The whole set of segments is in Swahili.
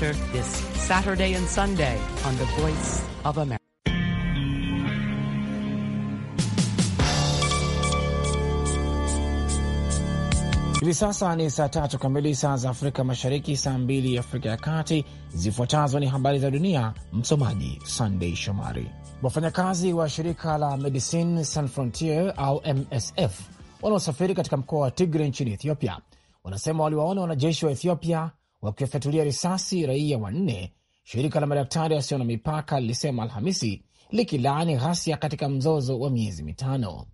this Saturday and Sunday on The Voice of America. Hivi sasa ni saa tatu kamili saa za Afrika Mashariki, saa mbili Afrika ya Kati. Zifuatazo ni habari za dunia, msomaji Sandei Shomari. Wafanyakazi wa shirika la medicine San Frontier au MSF wanaosafiri katika mkoa wa Tigre nchini Ethiopia wanasema waliwaona wanajeshi wa Ethiopia wakiwafyatulia risasi raia wanne, shirika la madaktari wasio na mipaka lilisema Alhamisi, likilaani ghasia katika mzozo wa miezi mitano.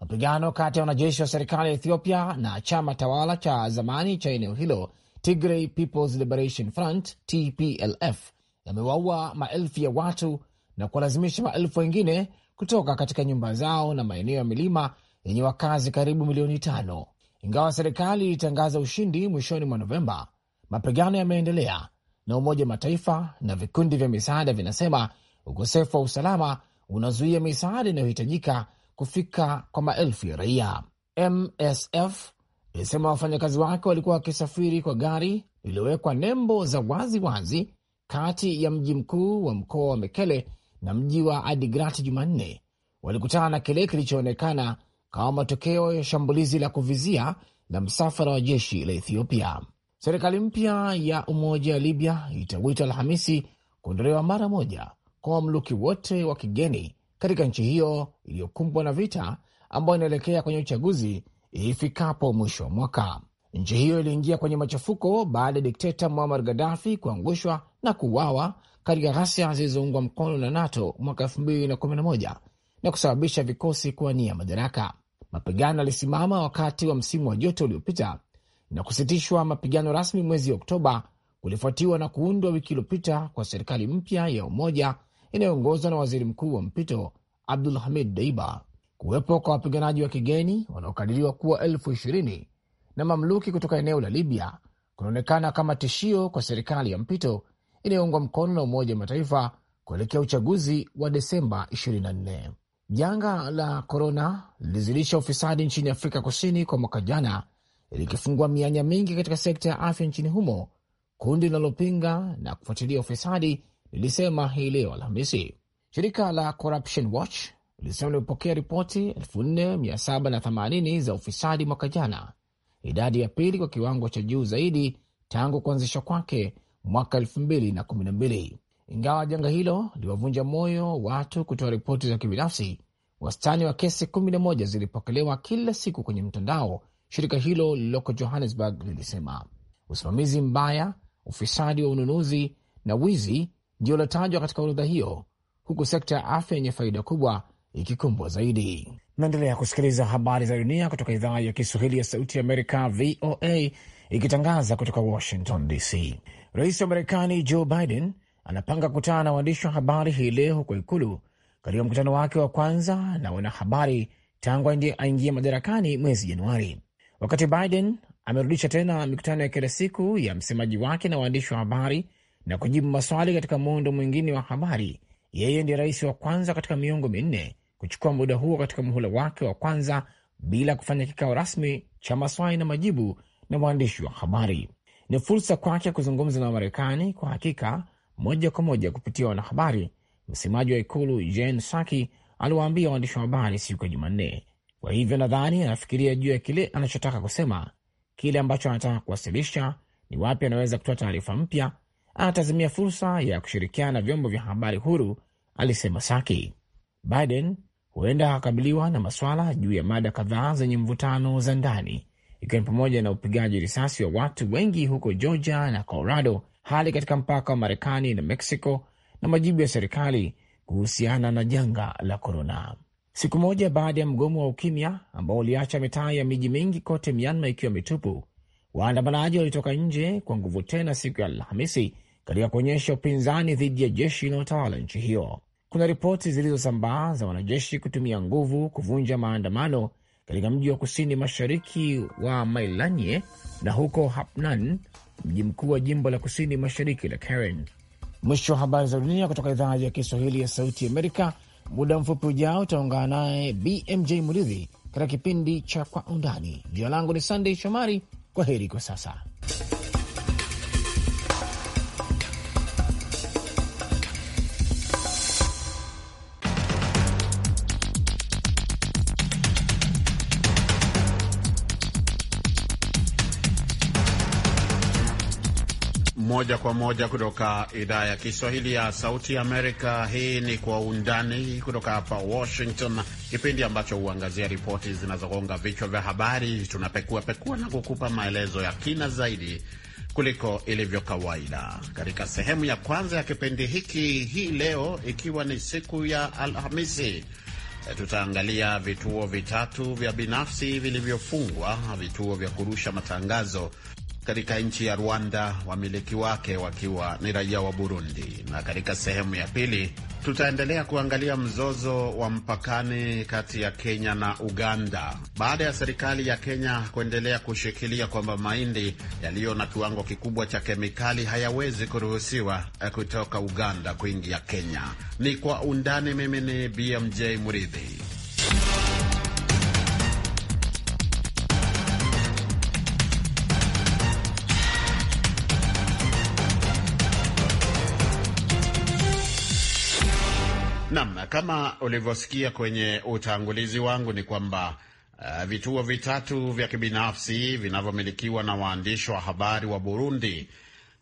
Mapigano kati ya wanajeshi wa serikali ya Ethiopia na chama tawala cha zamani cha eneo hilo Tigray People's Liberation Front TPLF yamewaua maelfu ya watu na kuwalazimisha maelfu wengine kutoka katika nyumba zao na maeneo ya milima yenye wakazi karibu milioni tano. Ingawa serikali ilitangaza ushindi mwishoni mwa Novemba, mapigano yameendelea na Umoja wa Mataifa na vikundi vya misaada vinasema ukosefu wa usalama unazuia misaada inayohitajika kufika kwa maelfu ya raia. MSF ilisema wafanyakazi wake walikuwa wakisafiri kwa gari lililowekwa nembo za wazi wazi kati ya mji mkuu wa mkoa wa Mekele na mji wa Adigrat Jumanne walikutana na kile kilichoonekana kama matokeo ya shambulizi la kuvizia la msafara wa jeshi la Ethiopia. Serikali mpya ya umoja ya Libya itawita Alhamisi kuondolewa mara moja kwa wamluki wote wa kigeni katika nchi hiyo iliyokumbwa na vita ambayo inaelekea kwenye uchaguzi ifikapo mwisho wa mwaka. Nchi hiyo iliingia kwenye machafuko baada ya dikteta Muammar Gaddafi kuangushwa na kuuawa katika ghasia zilizoungwa mkono na NATO mwaka 2011 na kusababisha vikosi kuwania madaraka. Mapigano yalisimama wakati wa msimu wa joto uliopita na kusitishwa mapigano rasmi mwezi Oktoba kulifuatiwa na kuundwa wiki iliyopita kwa serikali mpya ya umoja inayoongozwa na waziri mkuu wa mpito Abdul Hamid Deiba, kuwepo kwa wapiganaji wa kigeni wanaokadiriwa kuwa elfu ishirini na mamluki kutoka eneo la Libya kunaonekana kama tishio kwa serikali ya mpito inayoungwa mkono na Umoja wa Mataifa kuelekea uchaguzi wa Desemba 24. Janga la korona lilizidisha ufisadi nchini Afrika Kusini kwa mwaka jana likifungua mianya mingi katika sekta ya afya nchini humo, kundi linalopinga na kufuatilia ufisadi lilisema hii leo Alhamisi. Shirika la Corruption Watch lilisema limepokea ripoti 4780 za ufisadi mwaka jana, idadi ya pili kwa kiwango cha juu zaidi tangu kuanzishwa kwake mwaka 2012. Ingawa janga hilo liwavunja moyo watu kutoa ripoti za kibinafsi, wastani wa kesi 11 zilipokelewa kila siku kwenye mtandao shirika hilo lililoko Johannesburg lilisema. Usimamizi mbaya, ufisadi wa ununuzi na wizi ndio uliotajwa katika orodha hiyo, huku sekta ya afya yenye faida kubwa ikikumbwa zaidi. Naendelea kusikiliza habari za dunia kutoka idhaa ya Kiswahili ya Sauti ya Amerika, VOA, ikitangaza kutoka Washington DC. Rais wa Marekani Joe Biden anapanga kukutana na waandishi wa habari hii leo huko Ikulu katika mkutano wake wa kwanza na wanahabari tangu aingie madarakani mwezi Januari. Wakati Biden amerudisha tena mikutano ya kila siku ya msemaji wake na waandishi wa habari na kujibu maswali katika muundo mwingine wa habari, yeye ndiye rais wa kwanza katika miongo minne kuchukua muda huo katika muhula wake wa kwanza bila kufanya kikao rasmi cha maswali na majibu na waandishi wa habari. Ni fursa kwake kuzungumza na Wamarekani kwa hakika moja kwa moja kupitia wanahabari. Msemaji wa ikulu Jen saki aliwaambia waandishi wa habari siku ya Jumanne kwa hivyo nadhani anafikiria juu ya kile anachotaka kusema, kile ambacho anataka kuwasilisha, ni wapi anaweza kutoa taarifa mpya. Anatazamia fursa ya kushirikiana na vyombo vya habari huru, alisema Saki. Biden huenda akakabiliwa na maswala juu ya mada kadhaa zenye mvutano za ndani, ikiwa ni pamoja na upigaji risasi wa watu wengi huko Georgia na Colorado, hali katika mpaka wa Marekani na Mexico, na majibu ya serikali kuhusiana na janga la korona siku moja baada ya mgomo wa ukimya ambao uliacha mitaa ya miji mingi kote Myanma ikiwa mitupu. Waandamanaji walitoka nje kwa nguvu tena siku ya Alhamisi katika kuonyesha upinzani dhidi ya jeshi inayotawala nchi hiyo. Kuna ripoti zilizosambaa za wanajeshi kutumia nguvu kuvunja maandamano katika mji wa kusini mashariki wa Mailanye na huko Hapnan, mji mkuu wa jimbo la kusini mashariki la Karen. Mwisho wa habari za dunia kutoka idhaa ya Kiswahili ya Sauti Amerika. Muda mfupi ujao utaungana naye BMJ Muridhi katika kipindi cha Kwa Undani. Jina langu ni Sandey Shomari. Kwa heri kwa sasa. moja kwa moja kutoka idhaa ya Kiswahili ya Sauti ya Amerika. Hii ni Kwa Undani kutoka hapa Washington, kipindi ambacho huangazia ripoti zinazogonga vichwa vya habari. Tunapekuapekua na kukupa maelezo ya kina zaidi kuliko ilivyo kawaida. Katika sehemu ya kwanza ya kipindi hiki hii leo, ikiwa ni siku ya Alhamisi, tutaangalia vituo vitatu vya binafsi vilivyofungwa, vituo vya kurusha matangazo katika nchi ya Rwanda, wamiliki wake wakiwa ni raia wa Burundi. Na katika sehemu ya pili tutaendelea kuangalia mzozo wa mpakani kati ya Kenya na Uganda baada ya serikali ya Kenya kuendelea kushikilia kwamba mahindi yaliyo na kiwango kikubwa cha kemikali hayawezi kuruhusiwa eh, kutoka Uganda kuingia Kenya. Ni kwa undani. Mimi ni BMJ Muridhi. Kama ulivyosikia kwenye utangulizi wangu ni kwamba uh, vituo vitatu vya kibinafsi vinavyomilikiwa na waandishi wa habari wa Burundi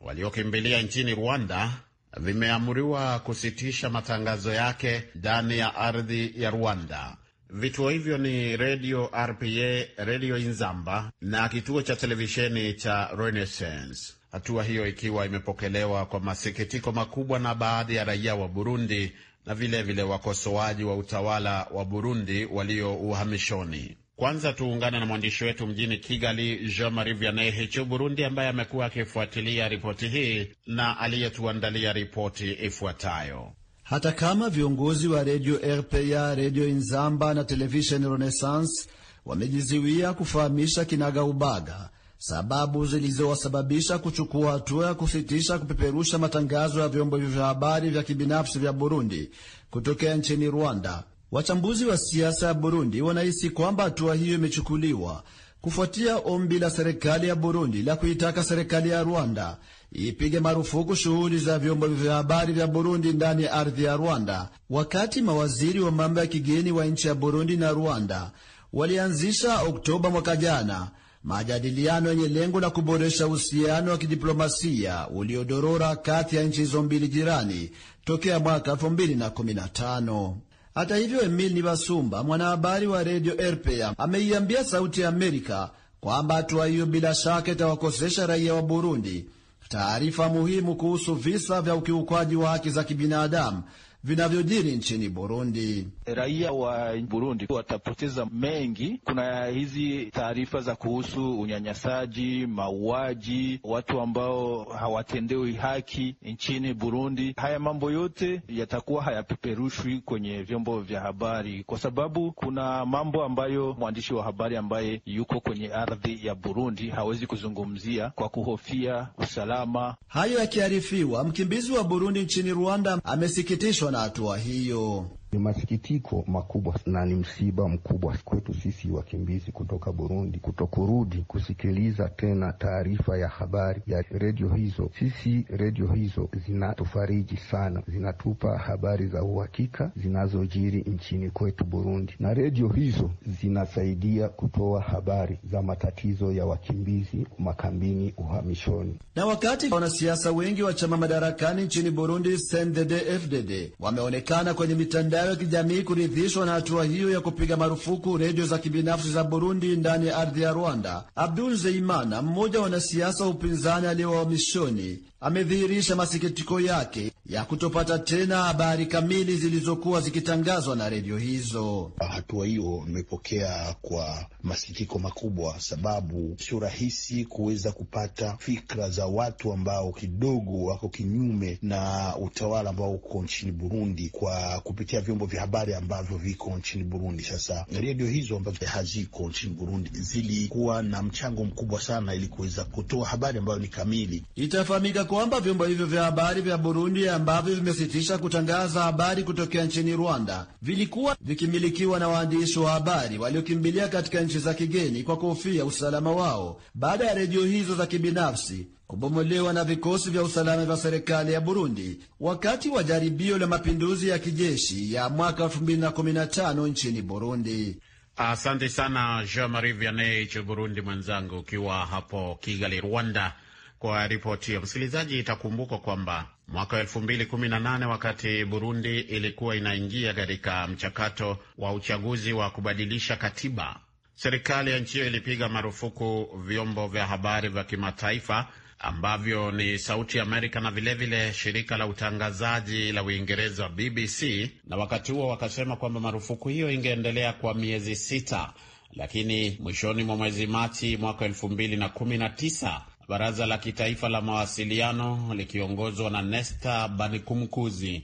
waliokimbilia nchini Rwanda vimeamriwa kusitisha matangazo yake ndani ya ardhi ya Rwanda. Vituo hivyo ni Radio RPA, Radio Inzamba na kituo cha televisheni cha Renaissance. Hatua hiyo ikiwa imepokelewa kwa masikitiko makubwa na baadhi ya raia wa Burundi na vilevile wakosoaji wa utawala wa Burundi walio uhamishoni. Kwanza tuungane na mwandishi wetu mjini Kigali, Jean Marie Vianney Hichu, Burundi, ambaye amekuwa akifuatilia ripoti hii na aliyetuandalia ripoti ifuatayo. Hata kama viongozi wa redio RPA, redio Inzamba na televisheni Renaissance wamejiziwia kufahamisha ubaga sababu zilizowasababisha kuchukua hatua ya kusitisha kupeperusha matangazo ya vyombo vya habari vya kibinafsi vya Burundi kutokea nchini Rwanda. Wachambuzi wa siasa ya Burundi wanahisi kwamba hatua hiyo imechukuliwa kufuatia ombi la serikali ya Burundi la kuitaka serikali ya Rwanda ipige marufuku shughuli za vyombo vya habari vya Burundi ndani ya ardhi ya Rwanda, wakati mawaziri wa mambo ya kigeni wa nchi ya Burundi na Rwanda walianzisha Oktoba mwaka jana majadiliano yenye lengo la kuboresha uhusiano wa kidiplomasia uliodorora kati ya nchi hizo mbili jirani tokea mwaka 2015. Hata hivyo, Emil vasumba mwanahabari wa redio RPA, ameiambia Sauti ya Amerika kwamba hatua hiyo bila shaka itawakosesha raia wa Burundi taarifa muhimu kuhusu visa vya ukiukwaji wa haki za kibinadamu vinavyojiri nchini Burundi. Raia wa Burundi watapoteza mengi. Kuna hizi taarifa za kuhusu unyanyasaji, mauaji, watu ambao hawatendewi haki nchini Burundi. Haya mambo yote yatakuwa hayapeperushwi kwenye vyombo vya habari, kwa sababu kuna mambo ambayo mwandishi wa habari ambaye yuko kwenye ardhi ya Burundi hawezi kuzungumzia kwa kuhofia usalama. Hayo yakiarifiwa, mkimbizi wa Burundi nchini Rwanda amesikitishwa na hatua hiyo. Ni masikitiko makubwa na ni msiba mkubwa kwetu sisi wakimbizi kutoka Burundi kutokurudi kusikiliza tena taarifa ya habari ya redio hizo. Sisi redio hizo zinatufariji sana, zinatupa habari za uhakika zinazojiri nchini kwetu Burundi, na redio hizo zinasaidia kutoa habari za matatizo ya wakimbizi makambini, uhamishoni. Na wakati wanasiasa wengi wa chama madarakani nchini Burundi CNDD-FDD wameonekana kwenye mitandao mitandao ya kijamii kuridhishwa na hatua hiyo ya kupiga marufuku redio za kibinafsi za Burundi ndani ya ardhi ya Rwanda. Abdul Zeimana, mmoja wa wanasiasa wa upinzani aliye amedhihirisha masikitiko yake ya kutopata tena habari kamili zilizokuwa zikitangazwa na redio hizo. Hatua hiyo imepokea kwa masikitiko makubwa, sababu sio rahisi kuweza kupata fikra za watu ambao kidogo wako kinyume na utawala ambao uko nchini Burundi kwa kupitia vyombo vya habari ambavyo viko nchini Burundi. Sasa redio hizo ambazo haziko nchini Burundi zilikuwa na mchango mkubwa sana ili kuweza kutoa habari ambayo ni kamili. Itafahamika kwamba vyombo hivyo vya habari vya Burundi ambavyo vimesitisha kutangaza habari kutokea nchini Rwanda vilikuwa vikimilikiwa na waandishi wa habari waliokimbilia katika nchi za kigeni kwa kuhofia usalama wao baada ya redio hizo za kibinafsi kubomolewa na vikosi vya usalama vya serikali ya Burundi wakati wa jaribio la mapinduzi ya kijeshi ya mwaka 2015 nchini Burundi. Asante sana Jean Marie Vianney Burundi mwenzangu, ukiwa hapo Kigali, Rwanda, kwa ripoti hiyo. Msikilizaji, itakumbukwa kwamba mwaka 218 elfu mbili kumi na nane wakati Burundi ilikuwa inaingia katika mchakato wa uchaguzi wa kubadilisha katiba, serikali ya nchi hiyo ilipiga marufuku vyombo vya habari vya kimataifa ambavyo ni Sauti Amerika na vilevile vile shirika la utangazaji la Uingereza BBC, na wakati huo wakasema kwamba marufuku hiyo ingeendelea kwa miezi sita, lakini mwishoni mwa mwezi Machi mwaka elfu mbili na kumi na tisa baraza la kitaifa la mawasiliano likiongozwa na Nesta Banikumkuzi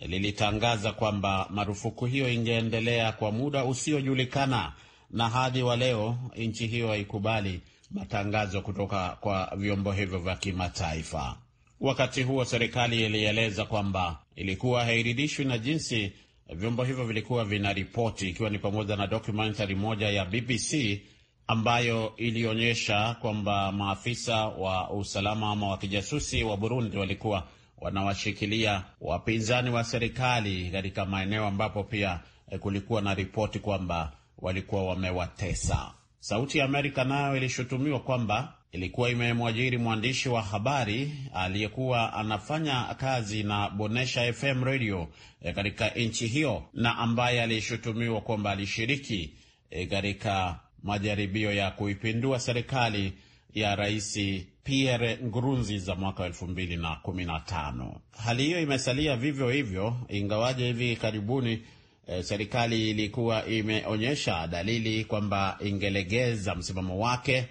lilitangaza kwamba marufuku hiyo ingeendelea kwa muda usiojulikana, na hadi wa leo nchi hiyo haikubali matangazo kutoka kwa vyombo hivyo vya kimataifa. Wakati huo, serikali ilieleza kwamba ilikuwa hairidhishwi na jinsi vyombo hivyo vilikuwa vinaripoti, ikiwa ni pamoja na dokumentari moja ya BBC ambayo ilionyesha kwamba maafisa wa usalama ama wa kijasusi wa Burundi walikuwa wanawashikilia wapinzani wa serikali katika maeneo ambapo pia eh, kulikuwa na ripoti kwamba walikuwa wamewatesa. Sauti ya Amerika nayo ilishutumiwa kwamba ilikuwa imemwajiri mwandishi wa habari aliyekuwa anafanya kazi na Bonesha FM radio e, katika nchi hiyo na ambaye alishutumiwa kwamba alishiriki e, katika majaribio ya kuipindua serikali ya Rais Pierre Nkurunziza mwaka wa elfu mbili na kumi na tano. Hali hiyo imesalia vivyo hivyo, ingawaje hivi karibuni E, serikali ilikuwa imeonyesha dalili kwamba ingelegeza msimamo wake,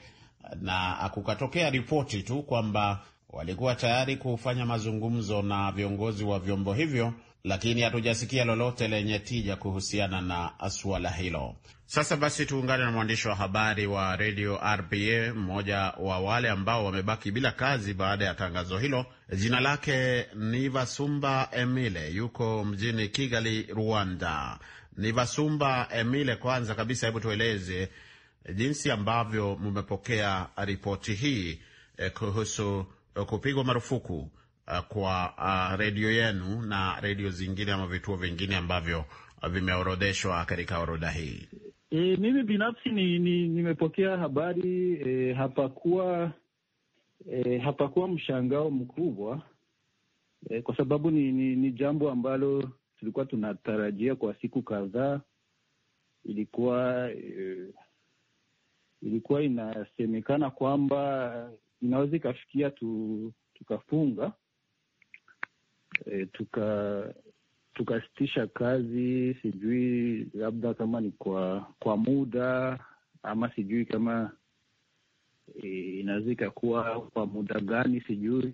na kukatokea ripoti tu kwamba walikuwa tayari kufanya mazungumzo na viongozi wa vyombo hivyo lakini hatujasikia lolote lenye tija kuhusiana na suala hilo. Sasa basi, tuungane na mwandishi wa habari wa redio RPA, mmoja wa wale ambao wamebaki bila kazi baada ya tangazo hilo. Jina lake Nivasumba Emile, yuko mjini Kigali, Rwanda. Nivasumba Emile, kwanza kabisa, hebu tueleze jinsi ambavyo mmepokea ripoti hii eh, kuhusu eh, kupigwa marufuku uh, kwa uh, redio yenu na redio zingine ama vituo vingine ambavyo vimeorodheshwa katika orodha hii? E, mimi binafsi nimepokea ni, ni habari e, hapakuwa e, hapakuwa mshangao mkubwa e, kwa sababu ni, ni, ni jambo ambalo tulikuwa tunatarajia kwa siku kadhaa. Ilikuwa e, ilikuwa inasemekana kwamba inaweza ikafikia tu, tukafunga e, tuka tukasitisha kazi, sijui labda kama ni kwa kwa muda ama sijui kama e, eh, inaweza ikakuwa kwa muda gani, sijui.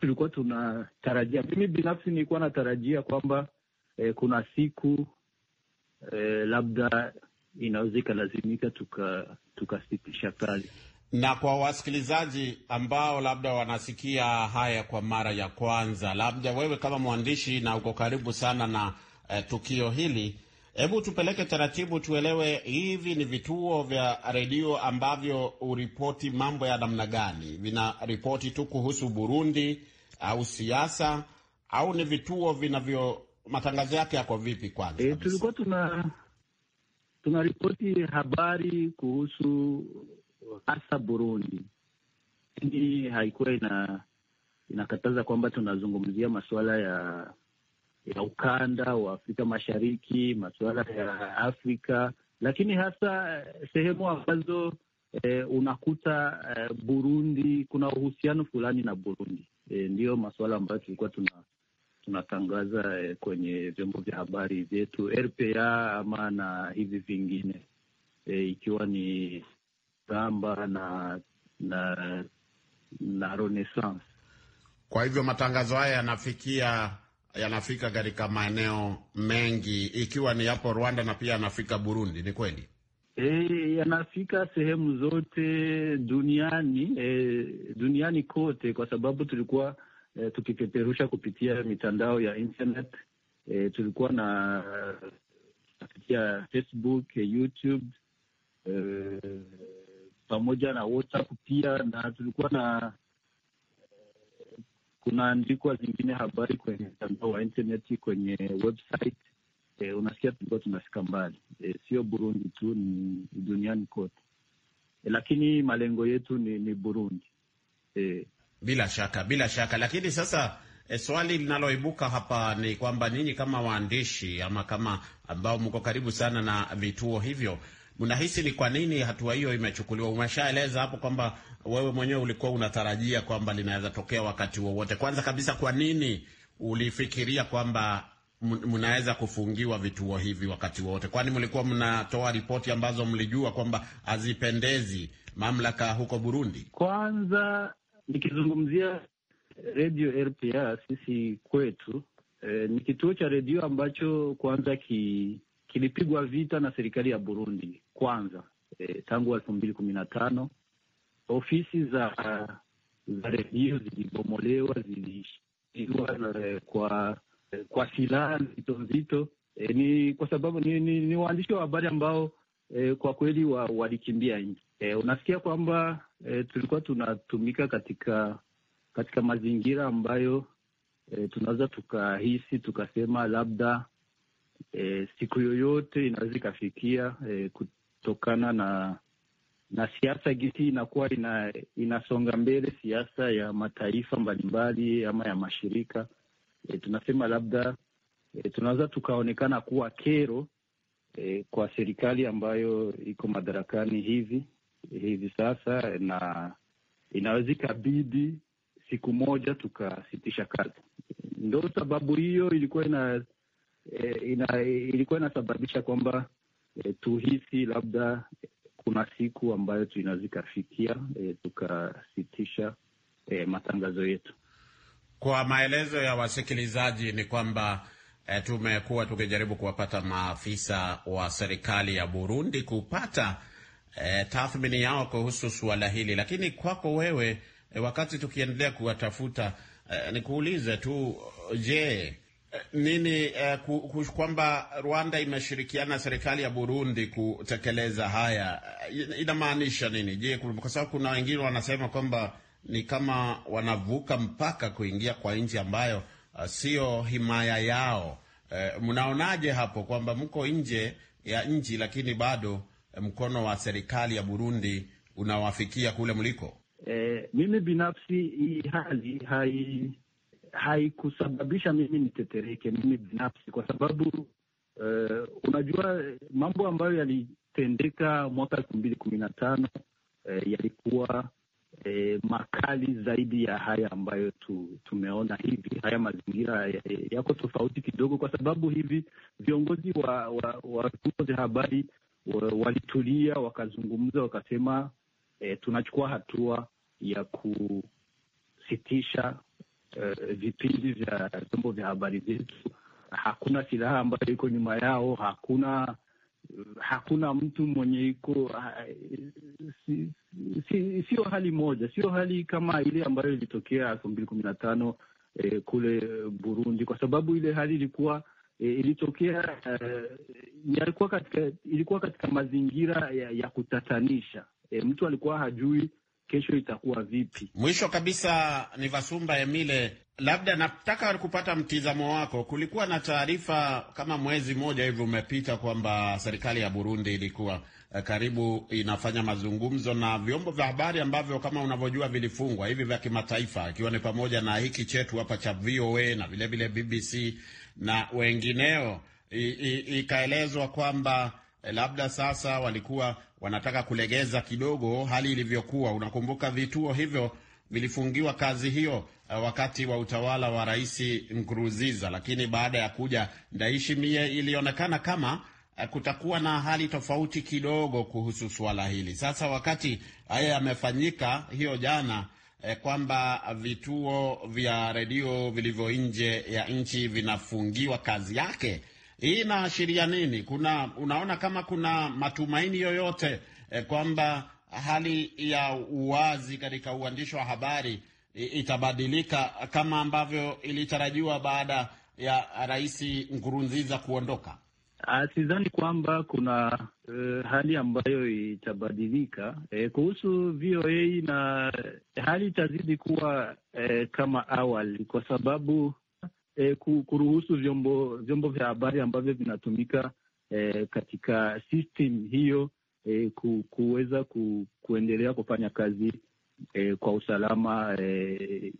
Tulikuwa tunatarajia, mimi binafsi nilikuwa natarajia kwamba e, kuna siku e, labda inaweza ikalazimika tukasitisha tuka kazi na kwa wasikilizaji ambao labda wanasikia haya kwa mara ya kwanza, labda wewe kama mwandishi na uko karibu sana na e, tukio hili, hebu tupeleke taratibu, tuelewe hivi ni vituo vya redio ambavyo huripoti mambo ya namna gani? vina ripoti tu kuhusu Burundi au siasa au ni vituo vinavyo matangazo yake yako vipi? Kwanza e, tulikuwa tuna ripoti habari kuhusu hasa Burundi. Hii haikuwa ina, inakataza kwamba tunazungumzia masuala ya ya ukanda wa Afrika Mashariki, masuala ya Afrika, lakini hasa eh, sehemu ambazo e, unakuta e, Burundi kuna uhusiano fulani na Burundi e, ndiyo masuala ambayo tulikuwa tuna tunatangaza e, kwenye vyombo vya habari vyetu RPA ama na hivi vingine e, ikiwa ni sambamba na na na Renaissance. Kwa hivyo matangazo haya yanafikia yanafika katika maeneo mengi ikiwa ni hapo Rwanda na pia yanafika Burundi, ni kweli? E, yanafika sehemu zote duniani e, duniani kote, kwa sababu tulikuwa e, tukipeperusha kupitia mitandao ya internet e, tulikuwa na kupitia Facebook, e, YouTube e, pamoja na WhatsApp pia, na tulikuwa na kunaandikwa zingine habari kwenye mtandao wa internet, kwenye website e, unasikia tulikuwa tunafika mbali e, sio Burundi tu, ni duniani kote e, lakini malengo yetu ni, ni Burundi e. Bila shaka, bila shaka. Lakini sasa e, swali linaloibuka hapa ni kwamba ninyi kama waandishi ama kama ambao mko karibu sana na vituo hivyo mnahisi ni kwa nini hatua hiyo imechukuliwa? Umeshaeleza hapo kwamba wewe mwenyewe ulikuwa unatarajia kwamba linaweza tokea wakati wowote. Kwanza kabisa, kwa nini ulifikiria kwamba mnaweza kufungiwa vituo hivi wakati wote? Kwani mlikuwa mnatoa ripoti ambazo mlijua kwamba hazipendezi mamlaka huko Burundi? Kwanza nikizungumzia redio RPA, sisi kwetu eh, ni kituo cha redio ambacho kwanza ki kilipigwa vita na serikali ya Burundi kwanza e, tangu elfu mbili kumi na tano ofisi za za redio zilibomolewa, zilishiwa e, kwa kwa silaha nzito nzito. E, ni kwa sababu ni, ni, ni waandishi wa habari ambao e, kwa kweli walikimbia nchi e, unasikia kwamba e, tulikuwa tunatumika katika katika mazingira ambayo e, tunaweza tukahisi tukasema labda e, siku yoyote inaweza ikafikia e, kutokana na na siasa gisi inakuwa ina, inasonga mbele siasa ya mataifa mbalimbali ama ya mashirika e, tunasema labda e, tunaweza tukaonekana kuwa kero e, kwa serikali ambayo iko madarakani hivi hivi sasa, na inaweza ikabidi siku moja tukasitisha kazi. Ndo sababu hiyo ilikuwa ina Eh, ina, ilikuwa inasababisha kwamba e, tuhisi labda kuna siku ambayo tunazikafikia ikafikia eh, e, tukasitisha e, matangazo yetu. Kwa maelezo ya wasikilizaji ni kwamba e, tumekuwa tukijaribu kuwapata maafisa wa serikali ya Burundi kupata e, tathmini yao kuhusu suala hili, lakini kwako wewe e, wakati tukiendelea kuwatafuta e, nikuulize tu, je, nini eh, kwamba Rwanda imeshirikiana na serikali ya Burundi kutekeleza haya eh, inamaanisha nini? Je, kwa sababu kuna wengine wanasema kwamba ni kama wanavuka mpaka kuingia kwa nchi ambayo uh, sio himaya yao. Eh, mnaonaje hapo kwamba mko nje ya nchi lakini bado eh, mkono wa serikali ya Burundi unawafikia kule mliko? Eh, mimi binafsi hii hali hai haikusababisha mimi nitetereke mimi binafsi, kwa sababu uh, unajua mambo ambayo yalitendeka mwaka elfu mbili kumi na tano uh, yalikuwa uh, makali zaidi ya haya ambayo tu, tumeona hivi. Haya mazingira yako ya tofauti kidogo, kwa sababu hivi viongozi wa wa vyombo vya habari walitulia, wakazungumza, wakasema e, tunachukua hatua ya kusitisha Eh, vipindi vya vyombo vya habari vyetu. Hakuna silaha ambayo iko nyuma yao, hakuna hakuna mtu mwenye iko ah, si, si, sio hali moja, sio hali kama ile ambayo ilitokea elfu mbili kumi na tano eh, kule Burundi, kwa sababu ile hali ilikuwa eh, ilitokea eh, ilikuwa katika, ilikuwa katika mazingira ya, ya kutatanisha eh, mtu alikuwa hajui kesho itakuwa vipi. Mwisho kabisa, ni Vasumba Emile, labda nataka kupata mtizamo wako. Kulikuwa na taarifa kama mwezi mmoja hivi umepita kwamba serikali ya Burundi ilikuwa eh, karibu inafanya mazungumzo na vyombo vya habari ambavyo kama unavyojua vilifungwa hivi vya kimataifa, ikiwa ni pamoja na hiki chetu hapa cha VOA na vilevile BBC na wengineo, ikaelezwa kwamba eh, labda sasa walikuwa wanataka kulegeza kidogo hali ilivyokuwa. Unakumbuka vituo hivyo vilifungiwa kazi hiyo eh, wakati wa utawala wa Rais Nkurunziza, lakini baada ya kuja Ndayishimiye ilionekana kama eh, kutakuwa na hali tofauti kidogo kuhusu suala hili. Sasa wakati haya yamefanyika hiyo jana eh, kwamba vituo vya redio vilivyo nje ya nchi vinafungiwa kazi yake hii inaashiria nini? Kuna unaona kama kuna matumaini yoyote eh, kwamba hali ya uwazi katika uandishi wa habari itabadilika kama ambavyo ilitarajiwa baada ya Rais Nkurunziza kuondoka? Ah, sidhani kwamba kuna uh, hali ambayo itabadilika e, kuhusu VOA na hali itazidi kuwa e, kama awali, kwa sababu eh, kuruhusu vyombo vyombo vya habari ambavyo vinatumika eh, katika system hiyo eh, kuweza ku, kuendelea kufanya kazi eh, kwa usalama eh,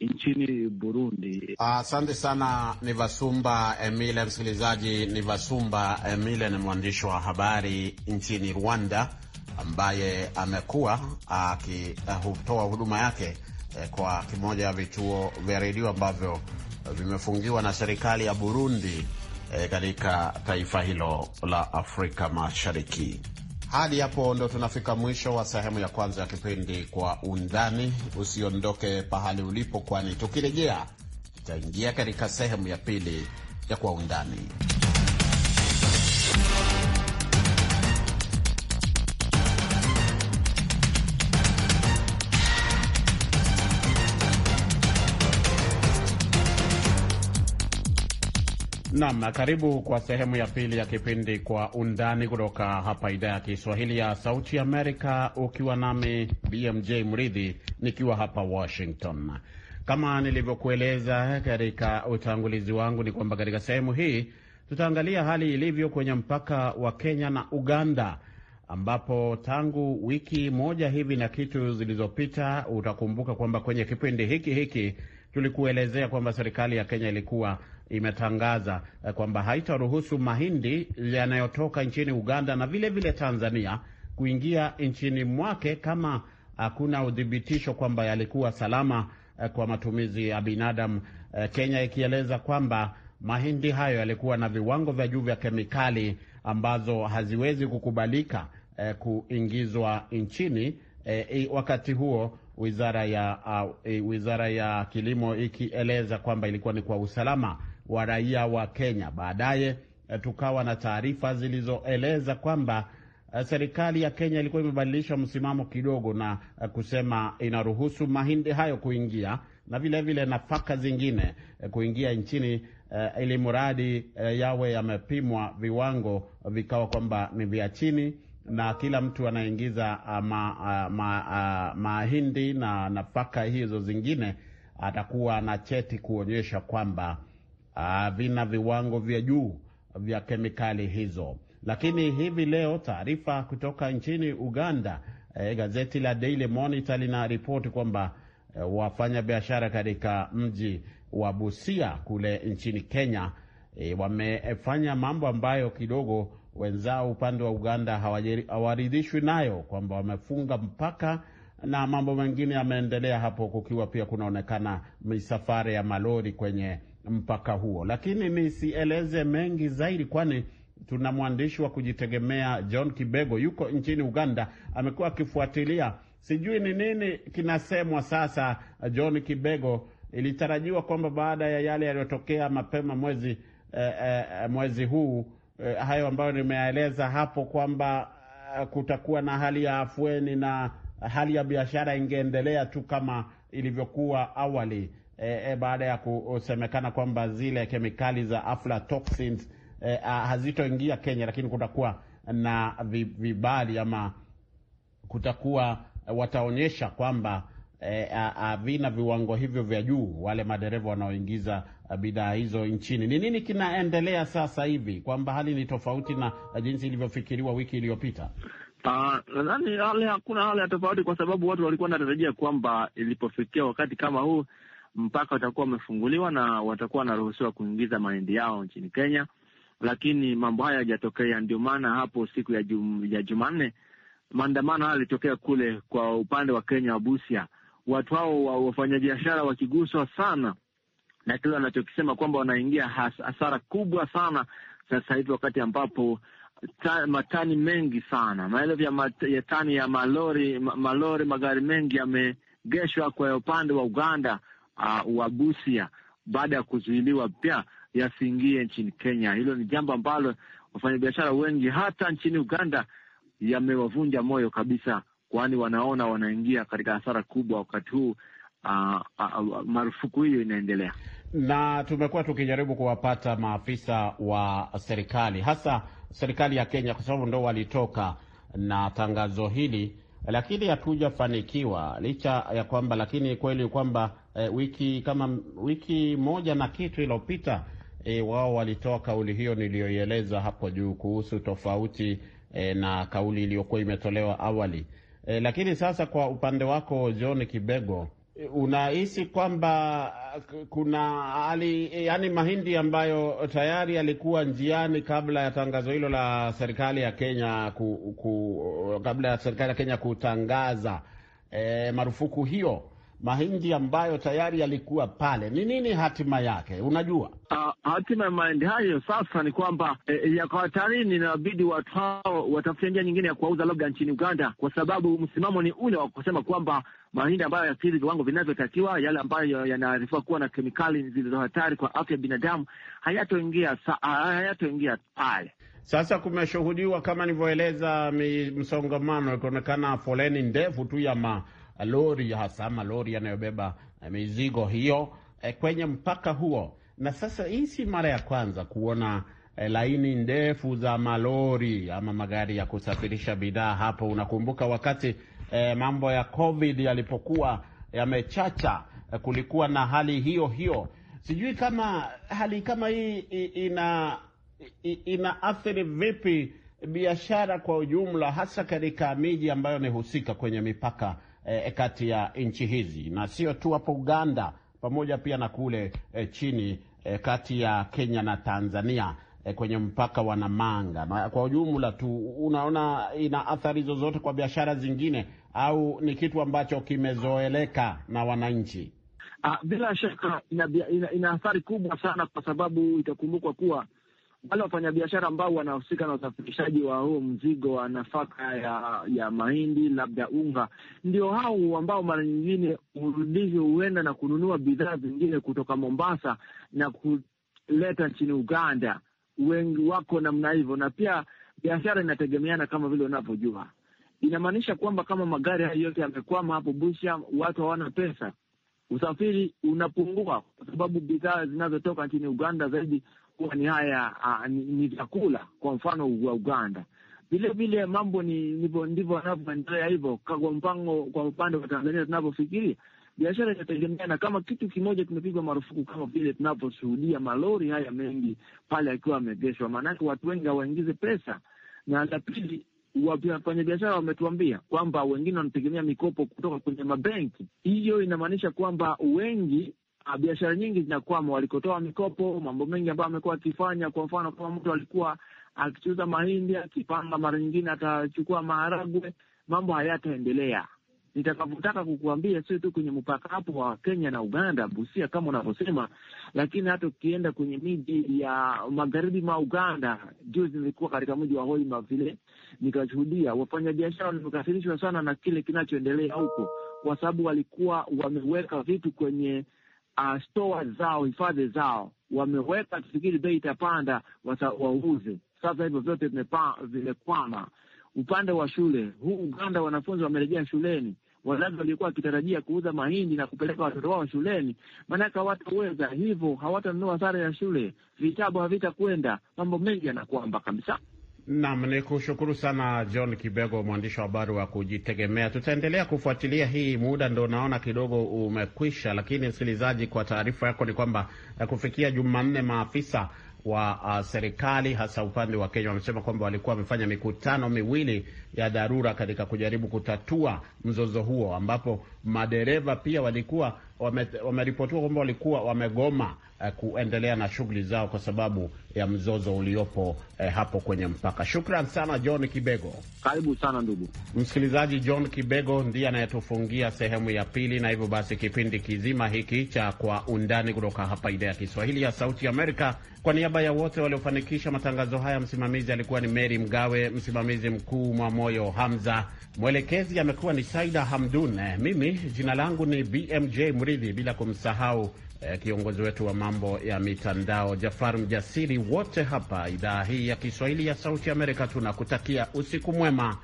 nchini Burundi. Asante ah, sana Nivasumba Emile. Msikilizaji, Nivasumba Emile ni mwandishi wa habari nchini Rwanda ambaye amekuwa akitoa huduma yake eh, kwa kimoja ya vituo vya redio ambavyo vimefungiwa na serikali ya Burundi e, katika taifa hilo la Afrika Mashariki. Hadi hapo ndo tunafika mwisho wa sehemu ya kwanza ya kipindi Kwa Undani. Usiondoke pahali ulipo, kwani tukirejea tutaingia katika sehemu ya pili ya Kwa Undani. nam karibu kwa sehemu ya pili ya kipindi Kwa Undani kutoka hapa idhaa ya Kiswahili ya Sauti Amerika, ukiwa nami BMJ Mridhi nikiwa hapa Washington. Kama nilivyokueleza katika utangulizi wangu, ni kwamba katika sehemu hii tutaangalia hali ilivyo kwenye mpaka wa Kenya na Uganda, ambapo tangu wiki moja hivi na kitu zilizopita, utakumbuka kwamba kwenye kipindi hiki hiki tulikuelezea kwamba serikali ya Kenya ilikuwa imetangaza eh, kwamba haitaruhusu mahindi yanayotoka nchini Uganda na vilevile vile Tanzania kuingia nchini mwake kama hakuna udhibitisho kwamba yalikuwa salama eh, kwa matumizi ya binadamu, eh, Kenya ikieleza kwamba mahindi hayo yalikuwa na viwango vya juu vya kemikali ambazo haziwezi kukubalika eh, kuingizwa nchini wakati huo wizara ya, uh, wizara ya kilimo ikieleza kwamba ilikuwa ni kwa usalama wa raia wa Kenya. Baadaye eh, tukawa na taarifa zilizoeleza kwamba eh, serikali ya Kenya ilikuwa imebadilisha msimamo kidogo na eh, kusema inaruhusu mahindi hayo kuingia na vilevile vile nafaka zingine kuingia nchini uh, ili mradi uh, yawe yamepimwa viwango vikawa kwamba ni vya chini, na kila mtu anaingiza uh, mahindi uh, ma, uh, na nafaka hizo zingine atakuwa na cheti kuonyesha kwamba Ah, vina viwango vya juu vya kemikali hizo. Lakini hivi leo taarifa kutoka nchini Uganda, eh, gazeti la Daily Monitor linaripoti kwamba eh, wafanyabiashara katika mji wa Busia kule nchini Kenya eh, wamefanya mambo ambayo kidogo wenzao upande wa Uganda hawaridhishwi nayo, kwamba wamefunga mpaka na mambo mengine yameendelea hapo, kukiwa pia kunaonekana misafara ya malori kwenye mpaka huo, lakini nisieleze mengi zaidi, kwani tuna mwandishi wa kujitegemea John Kibego, yuko nchini Uganda, amekuwa akifuatilia. Sijui ni nini kinasemwa sasa. John Kibego, ilitarajiwa kwamba baada ya yale yaliyotokea mapema mwezi eh, eh, mwezi huu eh, hayo ambayo nimeeleza hapo kwamba eh, kutakuwa na hali ya afueni na hali ya biashara ingeendelea tu kama ilivyokuwa awali e, e, baada ya kusemekana kwamba zile kemikali za aflatoxins e, eh, ah, hazitoingia Kenya, lakini kutakuwa na vibali ama kutakuwa wataonyesha kwamba e, viwango hivyo vya juu, wale madereva wanaoingiza ah, bidhaa hizo nchini. Ni nini kinaendelea sasa hivi kwamba hali ni tofauti na jinsi ilivyofikiriwa wiki iliyopita? nadhani hali hakuna hali ya tofauti, kwa sababu watu walikuwa wanatarajia kwamba ilipofikia wakati kama huu mpaka watakuwa wamefunguliwa na watakuwa wanaruhusiwa kuingiza mahindi yao nchini Kenya, lakini mambo haya yajatokea. Ndio maana hapo siku ya jum, ya Jumanne maandamano haya yalitokea kule kwa upande wa Kenya wa Busia. Watu hao wafanyabiashara wakiguswa sana na kile wanachokisema kwamba wanaingia hasara kubwa sana sasa hivi, wakati ambapo ta, matani mengi sana maelfu ya, mat, ya tani ya malori malori magari mengi yamegeshwa kwa upande wa Uganda uh, Wabusia baada ya kuzuiliwa pia yasiingie nchini Kenya. Hilo ni jambo ambalo wafanyabiashara wengi hata nchini Uganda yamewavunja moyo kabisa, kwani wanaona wanaingia katika hasara kubwa wakati huu uh, uh, uh, marufuku hiyo inaendelea. Na tumekuwa tukijaribu kuwapata maafisa wa serikali, hasa serikali ya Kenya, kwa sababu ndo walitoka na tangazo hili, lakini hatujafanikiwa licha ya kwamba, lakini kweli kwamba e, wiki kama wiki moja na kitu iliyopita e, wao walitoa kauli hiyo niliyoieleza hapo juu kuhusu tofauti e, na kauli iliyokuwa imetolewa awali e, lakini sasa kwa upande wako John Kibego unahisi kwamba kuna hali yani, mahindi ambayo tayari yalikuwa njiani kabla ya tangazo hilo la serikali ya Kenya ku, ku, kabla ya serikali ya Kenya kutangaza e, marufuku hiyo mahindi ambayo tayari yalikuwa pale, ni nini hatima yake? Unajua uh, hatima ya mahindi hayo sasa ni kwamba e, hatarini inabidi watu hao watafute njia nyingine ya kuwauza labda nchini Uganda, kwa sababu msimamo ni ule wa kusema kwamba mahindi ambayo yakidhi viwango vinavyotakiwa, yale ambayo yanaarifiwa kuwa na kemikali zilizo hatari kwa afya ya binadamu hayatoingia ah, hayatoingia pale. Sasa kumeshuhudiwa kama nilivyoeleza, msongamano, ikionekana foleni ndefu tu ya ma Eh, lori hasa malori yanayobeba eh, mizigo hiyo eh, kwenye mpaka huo. Na sasa hii si mara ya kwanza kuona laini ndefu za malori ama magari ya kusafirisha bidhaa hapo. Unakumbuka wakati eh, mambo ya COVID yalipokuwa yamechacha, kulikuwa na hali hiyo hiyo. Sijui kama hali kama hii ina inaathiri vipi biashara kwa ujumla, hasa katika miji ambayo ni husika kwenye mipaka Eh, eh, kati ya nchi hizi, na sio tu hapo Uganda, pamoja pia na kule eh, chini eh, kati ya Kenya na Tanzania eh, kwenye mpaka wa Namanga. Na kwa ujumla tu, unaona ina athari zozote kwa biashara zingine au ni kitu ambacho kimezoeleka na wananchi? Ah, bila shaka ina, ina, ina athari kubwa sana, kwa sababu itakumbukwa kuwa wale wafanyabiashara ambao wanahusika na usafirishaji wa huo mzigo wa nafaka ya, ya mahindi labda unga, ndio hao ambao mara nyingine urudizi huenda na kununua bidhaa zingine kutoka Mombasa na kuleta nchini Uganda. Wengi wako namna hivyo, na pia biashara inategemeana kama vile unavyojua. Inamaanisha kwamba kama magari hayo yote yamekwama hapo Busha, watu hawana pesa, usafiri unapungua, kwa sababu bidhaa zinazotoka nchini Uganda zaidi kuwa ni haya ni vyakula kwa mfano wa Uganda vile vile mambo ni ndivyo anavyoendelea hivyo. Kwa mpango kwa upande wa Tanzania tunavyofikiria biashara inategemea, na kama kitu kimoja kimepigwa marufuku kama vile tunavyoshuhudia malori haya mengi pale akiwa ameegeshwa, maanake watu wengi hawaingize pesa, na la pili wafanyabiashara wametuambia kwamba wengine wanategemea mikopo kutoka kwenye mabenki. Hiyo inamaanisha kwamba wengi Ah, biashara nyingi zinakwama, walikotoa mikopo, mambo mengi ambayo amekuwa akifanya. Kwa mfano, kama mtu alikuwa akichuza mahindi, akipanga mara nyingine atachukua maharagwe, mambo hayataendelea. Nitakavyotaka kukuambia sio tu kwenye mpaka hapo wa Kenya na Uganda, Busia kama unavyosema, lakini hata ukienda kwenye miji ya magharibi mwa Uganda. Juzi nilikuwa katika mji wa Hoima vile nikashuhudia wafanyabiashara wamekasirishwa sana na kile kinachoendelea huko, kwa sababu walikuwa wameweka vitu kwenye uh, stoa zao hifadhi zao wameweka, tufikiri bei itapanda, wauze. Sasa hivyo vyote vimekwama. Upande wa shule huu Uganda, wanafunzi wamerejea shuleni. Wazazi walikuwa wakitarajia kuuza mahindi na kupeleka watoto wao shuleni, maanake hawataweza hivyo, hawatanunua sare ya shule, vitabu havitakwenda, mambo mengi yanakwamba kabisa. Nam, ni kushukuru sana John Kibego, mwandishi wa habari wa kujitegemea. Tutaendelea kufuatilia hii. Muda ndo naona kidogo umekwisha, lakini msikilizaji, kwa taarifa yako ni kwamba eh, kufikia Jumanne maafisa wa uh, serikali hasa upande wa Kenya wamesema kwamba walikuwa wamefanya mikutano miwili ya dharura katika kujaribu kutatua mzozo huo, ambapo madereva pia walikuwa wameripotiwa kwamba walikuwa wamegoma Eh, kuendelea na shughuli zao kwa sababu ya mzozo uliopo eh, hapo kwenye mpaka. Shukran sana John Kibego, karibu sana ndugu msikilizaji. John Kibego ndiye anayetufungia sehemu ya pili, na hivyo basi kipindi kizima hiki cha Kwa Undani kutoka hapa idhaa ya Kiswahili ya Sauti Amerika, kwa niaba ya wote waliofanikisha matangazo haya, msimamizi alikuwa ni Mary Mgawe, msimamizi mkuu Mwamoyo Hamza, mwelekezi amekuwa ni Saida Hamdun, mimi jina langu ni BMJ Mridhi, bila kumsahau Eh, kiongozi wetu wa mambo ya mitandao Jafar Mjasiri. Wote hapa idhaa hii ya Kiswahili ya Sauti Amerika tunakutakia usiku mwema,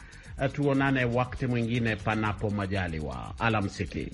eh, tuonane wakati mwingine, panapo majaliwa. Alamsiki.